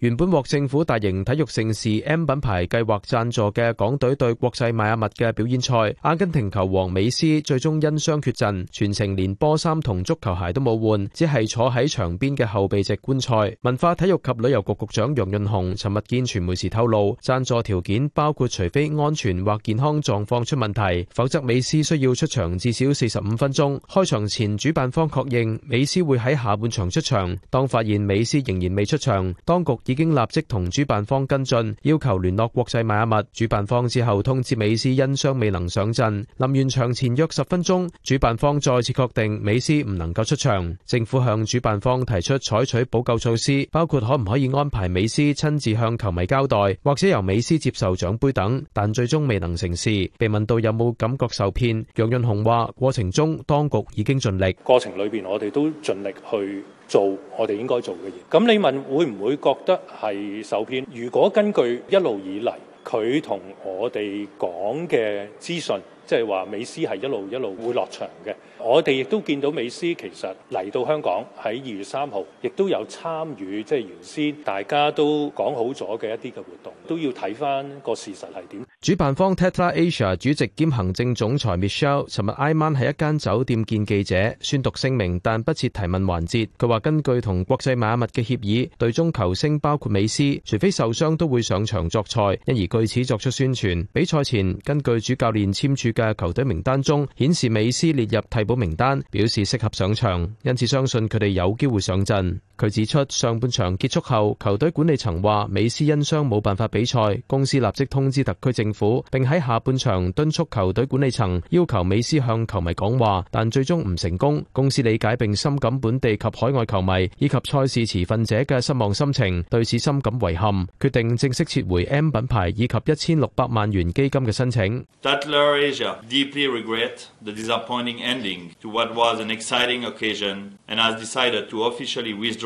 原本獲政府大型體育盛事 M 品牌計劃贊助嘅港隊對國際邁阿密嘅表演賽，阿根廷球王美斯最終因傷缺陣，全程連波衫同足球鞋都冇換，只係坐喺場邊嘅後備席觀賽。文化體育及旅遊局局長楊潤雄尋日見傳媒時透露，贊助條件包括除非安全或健康狀況出問題，否則美斯需要出場至少四十五分鐘。開場前主辦方確認美斯會喺下半場出場，當發現美斯仍然未出場，當局已經立即同主辦方跟進，要求聯絡國際邁阿密。主辦方之後通知美斯因傷未能上陣，臨完場前約十分鐘，主辦方再次確定美斯唔能夠出場。政府向主辦方提出採取補救措施，包括可唔可以安排美斯親自向球迷交代，或者由美斯接受獎杯等，但最終未能成事。被問到有冇感覺受騙，楊潤雄話：過程中當局已經盡力，過程裏面我哋都盡力去做我哋應該做嘅嘢，咁你問，會唔會覺得係受騙？如果根據一路以嚟佢同我哋講嘅資訊。即係話美斯係一路一路會落場嘅，我哋亦都見到美斯其實嚟到香港喺二月三號，亦都有參與即係原先大家都講好咗嘅一啲嘅活動，都要睇翻個事實係點。主辦方 Tatler Asia 主席兼行政總裁 Michelle，尋日挨晚喺一間酒店見記者宣讀聲明，但不設提問環節。佢話根據同國際邁阿密嘅協議，隊中球星包括美斯，除非受傷都會上場作賽，因而據此作出宣傳。比賽前根據主教練簽署。嘅球隊名單中顯示，美斯列入替補名單，表示適合上場，因此相信佢哋有機會上陣。佢指出，上半場結束後，球隊管理層話美斯因傷冇辦法比賽，公司立即通知特區政府，並喺下半場敦促球隊管理層要求美斯向球迷講話，但最終唔成功。公司理解並深感本地及海外球迷以及賽事持份者嘅失望心情，對此深感遺憾，決定正式撤回 M 品牌以及一千六百萬元基金嘅申請。Tatler Asia deeply regret the disappointing ending to what was an exciting occasion and has decided to officially withdraw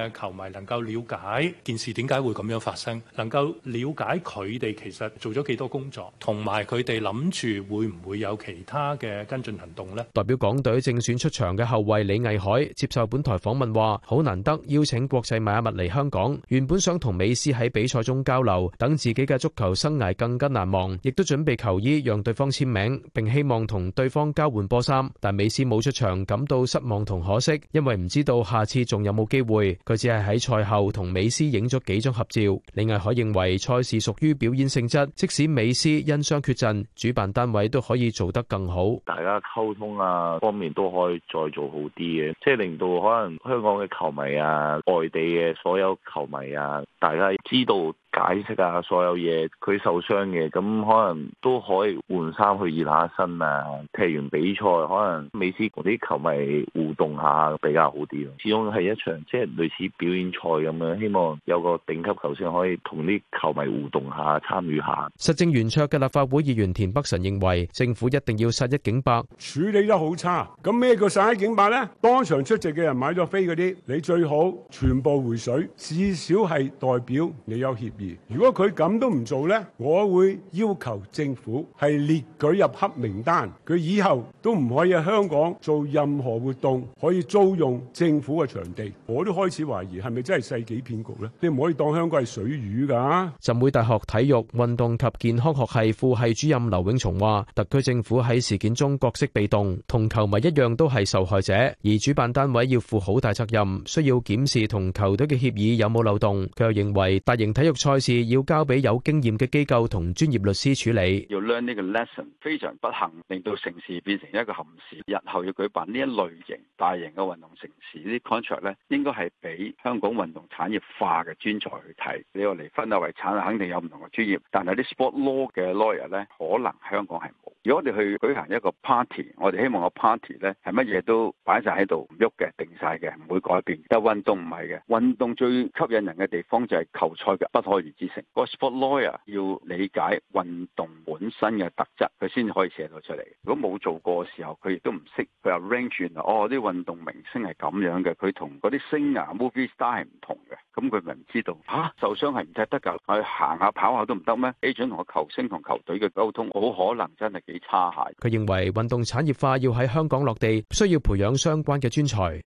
嘅球迷能夠了解件事點解會咁樣發生，能夠了解佢哋其實做咗幾多工作，同埋佢哋諗住會唔會有其他嘅跟進行動咧？代表港隊正選出場嘅後衞李毅海接受本台訪問話：好難得邀請國際邁阿密嚟香港，原本想同美斯喺比賽中交流，等自己嘅足球生涯更加難忘，亦都準備球衣讓對方簽名，並希望同對方交換波衫。但美斯冇出場，感到失望同可惜，因為唔知道下次仲有冇機會。佢只係喺賽後同美斯影咗幾張合照。李毅海認為賽事屬於表演性質，即使美斯因傷缺陣，主辦單位都可以做得更好。大家溝通啊方面都可以再做好啲嘅，即係令到可能香港嘅球迷啊、外地嘅所有球迷啊，大家知道。解釋啊，所有嘢佢受傷嘅，咁可能都可以換衫去熱下身啊。踢完比賽，可能未試同啲球迷互動下比較好啲咯。始終係一場即係類似表演賽咁樣，希望有個頂級球星可以同啲球迷互動下、參與下。實政圓桌嘅立法會議員田北辰認為，政府一定要殺一儆百。處理得好差，咁咩叫殺一儆百呢？當場出席嘅人買咗飛嗰啲，你最好全部回水，至少係代表你有歉。如果佢咁都唔做呢，我會要求政府係列舉入黑名單，佢以後都唔可以喺香港做任何活動，可以租用政府嘅場地。我都開始懷疑係咪真係世紀騙局呢？你唔可以當香港係水魚㗎啊。浸會大學體育運動及健康學系副系主任劉永松話，特區政府喺事件中角色被動，同球迷一樣都係受害者，而主辦單位要負好大責任，需要檢視同球隊嘅協議有冇漏洞。佢又認為大型體育賽賽事要交俾有經驗嘅機構同專業律師處理。要 learn 呢個 lesson，非常不幸，令到盛事變成一個陷阱。日後要舉辦呢一類型大型嘅運動盛事呢啲 contract 咧，應該係俾香港運動產業化嘅專才去睇。你我離婚呀遺產呀，肯定有唔同嘅專業，但係啲 sport law 嘅 lawyer 咧，可能香港係冇。如果我哋去舉行一個 party，我哋希望個 party 咧係乜嘢都擺晒喺度，唔喐嘅，定晒嘅，唔會改變。但係運動唔係嘅，運動最吸引人嘅地方就係球賽嘅不可預知性。個 sport lawyer 要理解運動本身嘅特質，佢先可以寫到出嚟。如果冇做過嘅時候，佢亦都唔識佢話 range 啊，in，哦啲運動明星係咁樣嘅，佢同嗰啲 singer、movie star 係唔同嘅。咁佢咪唔知道吓受傷係唔得噶，去行下跑下都唔得咩？A. 准同個球星同球隊嘅溝通，好可能真係幾差下。佢認為運動產業化要喺香港落地，需要培養相關嘅專才。